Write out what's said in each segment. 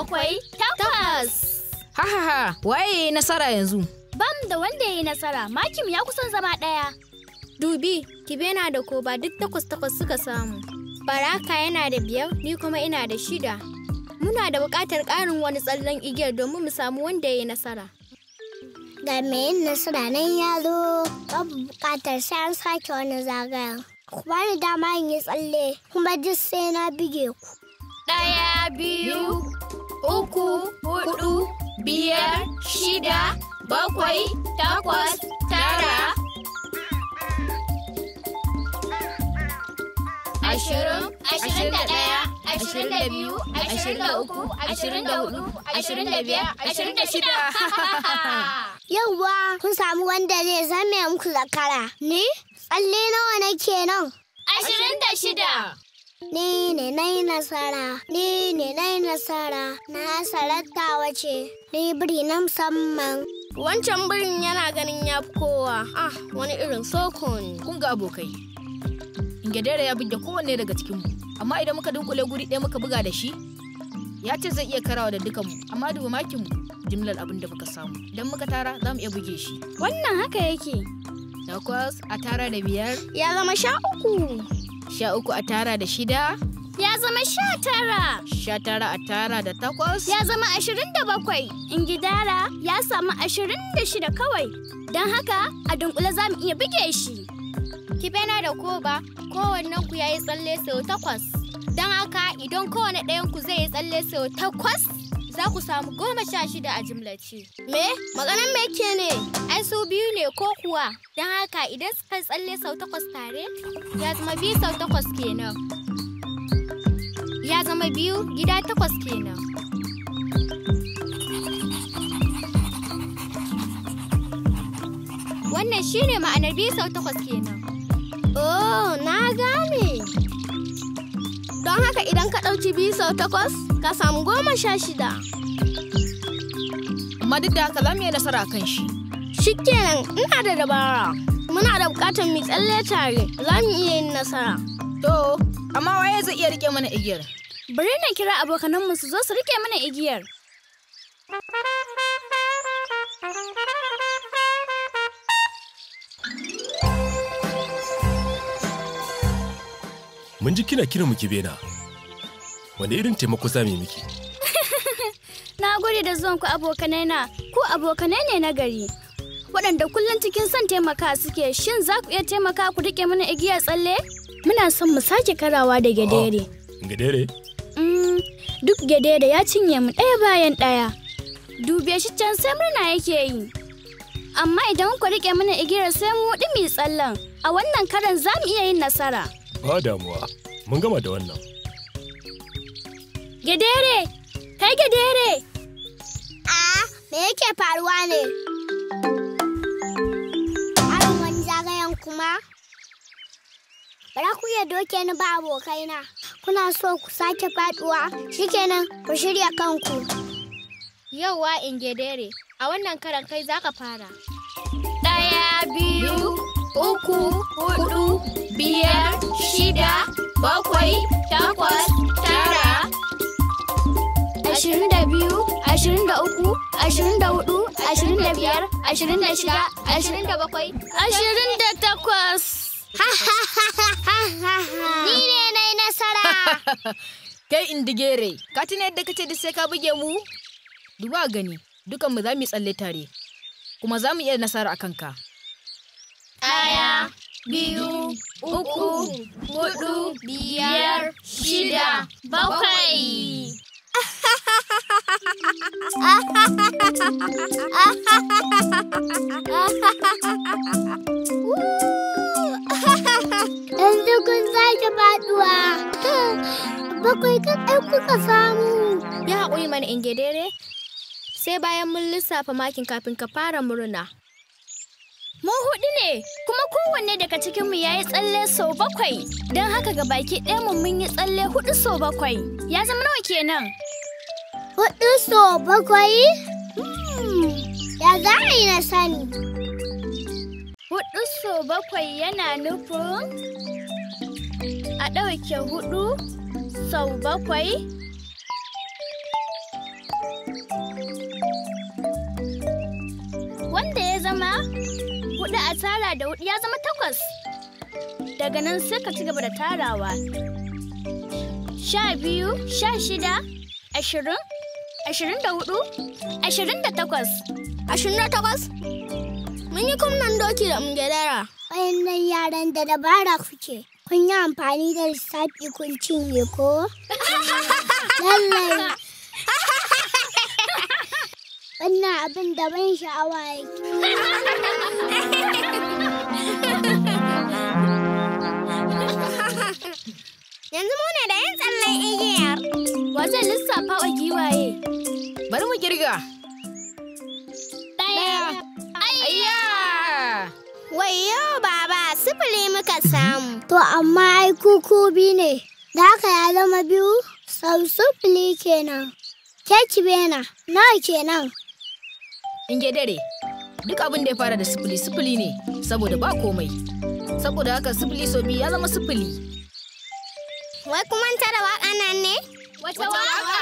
akwai takwas. Ha ha ha, waye nasara yanzu? Bam da wanda ya yi nasara, makim ya kusan zama ɗaya. Dubi, na da Koba duk takwas takwas suka samu. Baraka yana da biyar, ni kuma ina da shida. Muna da buƙatar ƙarin wani tsallen igiyar domin mu samu wanda ya yi nasara. Ga mai yin nasara nan ya zo, babu buƙatar sai an sake wani zagaya. Ku bani dama in yi tsalle, kuma duk sai na bige ku. Ɗaya biyu. uku, hudu, biyar, shida, bakwai, takwas, tara, ashirin, ashirin da ɗaya, ashirin da biyu, ashirin da uku, ashirin da hudu, ashirin da biyar, ashirin da shida. ba kun samu wanda zai zame muku zakara. Ni? Tsalle nawa nake nan? Ashirin da shida. Ni ne nai nasara, ni ne nai nasara, na sarattawa wace, ni biri na musamman. Wancan birin yana ganin ya fi kowa, ah wani irin soko ne. Kun ga abokai, Ingedere ya buge kowanne daga cikinmu, amma idan muka dunkule guri ɗaya muka buga da shi, ya ce zai iya karawa da dukanmu, amma duba makinmu jimlar abin da muka samu. Idan muka tara za mu iya buge shi. Wannan haka yake. Takwas a tara da biyar. Ya zama sha uku. Sha uku a tara da shida? Ya zama sha tara. Sha tara a tara da takwas? Ya zama ashirin da bakwai. In gidara ya samu ashirin da shida kawai. Don haka a dunkule za mu iya buge shi. bena da koba kowannen ku ya yi tsalle sau takwas. Don haka idan kowane ɗayan ku zai yi tsalle sau takwas za ku samu goma sha shida a jimlace. Me? Maganan me ke ne? Ai su biyu ne ko kuwa? Don haka idan suka tsalle sau takwas tare, ya zama biyu sau takwas kenan. Ya zama biyu gida takwas kenan. Wannan shi ne ma'anar biyu sau takwas kenan. Oh, na gane. Don haka idan ka ɗauki biyu sau takwas, ka samu goma sha shida. amma duk da haka za mu yi nasara kan shi. Shikenan ina da dabara. Muna da bukatar mu tsalle tare, za mu iya yin nasara. To, amma waye zai iya rike mana igiyar? Bari na kira abokananmu su zo su rike mana igiyar. Mun ji kina kiran mu bena. wane irin taimako za mu yi miki? Na gode da ku abokanai na, ku abokanai ne na gari. Waɗanda kullum cikin son taimaka suke, shin za ku iya taimaka ku riƙe mana igiya tsalle? Muna son mu sake karawa da gedere. Oh, gedere? Mm, duk gedere ya cinye mu ɗaya bayan ɗaya. Dube shi can sai murna yake yi. Amma idan ku riƙe mana igiyar sai mu huɗu mai tsallen, a wannan karan za mu iya yin nasara. Ba damuwa, mun gama da wannan. Gedere! Kai gedere! me yake faruwa ne? Aron wani zagayen kuma? Bara ku iya doke ni ba abokaina, kuna so ku sake faduwa shikenan ku shirya kanku. Yauwa Ingedere, a wannan karan kai za ka fara. Ɗaya biyu, uku, hudu, biyar, shida, bakwai, takwas, ashirin da biyu ashirin da uku ashirin da hudu ashirin da biyar ashirin da shida ashirin da bakwai ashirin da takwas ni ne na yi nasara kai indigere ka tuna yadda kace da sai ka buge mu duba gani dukan mu za mu yi tsalle tare kuma za mu iya nasara a kanka ɗaya biyu uku hudu biyar shida bakwai Yanzu kun sake faduwa. Bakwai kaɗai kuka samu. Ya haƙuri mana ingedere, sai bayan mun lissafa makin kafin ka fara murna. Mu huɗu ne, kuma kowanne daga cikinmu ya yi tsalle sau bakwai. Don haka ga baki mu mun yi tsalle hudu sau bakwai. Ya zama nawa kenan? Hudu sau bakwai? Hmm, ya za a yi na sani. Hudu sau bakwai yana nufin a ɗauke hudu sau bakwai wanda ya zama hudu a tara da hudu ya zama takwas. Daga nan sai ka ci gaba da tarawa. Sha biyu, sha shida, ashirin, ashirin da hudu, ashirin da takwas. Ashirin da takwas? Mun yi kumnan doki da mungedara. Wayannan yaran da dabara kuke. Kun yi amfani da lissafi kun cinye ko? Lallai. wannan abin da ban sha'awa yake. Yanzu muna da yin tsallen igiyar. Wajen lissafa wa giwaye. Bari mu girga. Ɗaya. Ayya! Wayo baba sifili muka samu. To amma ai kuku biyu ne. Da haka ya zama biyu? Sau sifili kenan. Keki bena, nawa kenan? in ya dare duk abin da ya fara da sifili sifili ne saboda ba komai saboda haka sifili so biyu ya zama sifili wai kuma ta da waƙa nan ne wata waƙa?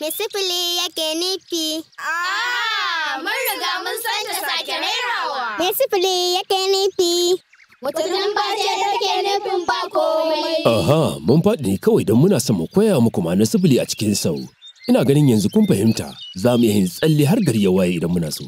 me sifili yake nufi ah, mun riga mun san ta sake rerawa me sifili yake nufi Wata lamba ce take nufin ba komai. Aha, mun faɗi ne kawai don muna son mu koya muku ma'anar sifili a cikin sau. Ina ganin yanzu kun fahimta za mu iya yin tsalle har gari ya waye idan muna so.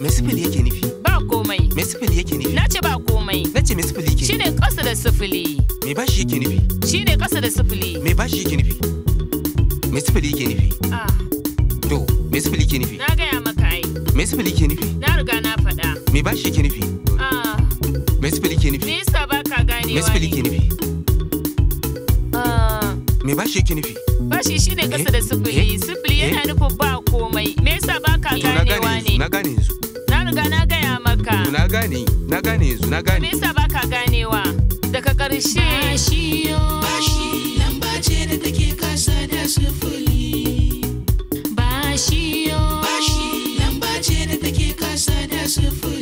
Me sifili yake nufi? Ba komai. Me sifili yake nufi? Na ce ba komai. Na ce me sifili yake? Shine ƙasa da sifili. Me bashi yake nufi? Shine ƙasa da sifili. Me bashi yake nufi? Me sifili yake nufi? Ah. To, me sifili yake nufi? Na gaya maka ai. Me sifili yake nufi? Na riga na faɗa. Me bashi yake nufi? Ah. Me sifili yake nufi? Me yasa ba ka ganewa ne? Me sifili yake nufi? me bashi yake nufi bashi shine eh, kasa da sifili eh, sifili eh. yana nufin ba komai me yasa baka ganewa ne na gane yanzu na riga na gaya maka na gane na gane yanzu na gane me yasa baka ganewa daga karshe shi yo bashi lamba ce da take kasa da sifili shi yo bashi lamba ce da take kasa da sifili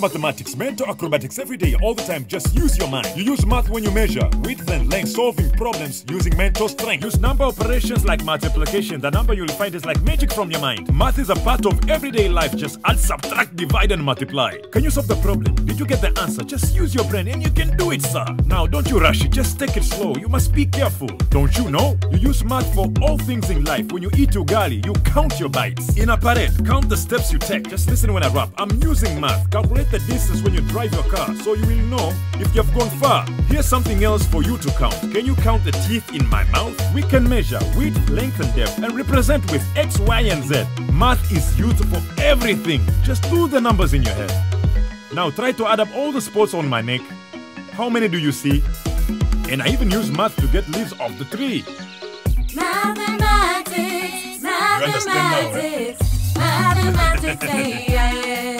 mathematics, mental acrobatics every day, all the time. Just use your mind. You use math when you measure, width and length, solving problems using mental strength. Use number operations like multiplication. The number you'll find is like magic from your mind. Math is a part of everyday life. Just add, subtract, divide, and multiply. Can you solve the problem? Did you get the answer? Just use your brain and you can do it, sir. Now, don't you rush it. Just take it slow. You must be careful. Don't you know? You use math for all things in life. When you eat ugali, you count your bites. In a parade, count the steps you take. Just listen when I rap. I'm using math. Calculate the distance when you drive your car so you will know if you have gone far. Here's something else for you to count. Can you count the teeth in my mouth? We can measure width, length and depth and represent with X, Y and Z. Math is used for everything. Just do the numbers in your head. Now try to add up all the spots on my neck. How many do you see? And I even use math to get leaves off the tree. Mathematics, mathematics, mathematics, mathematics, yeah, yeah.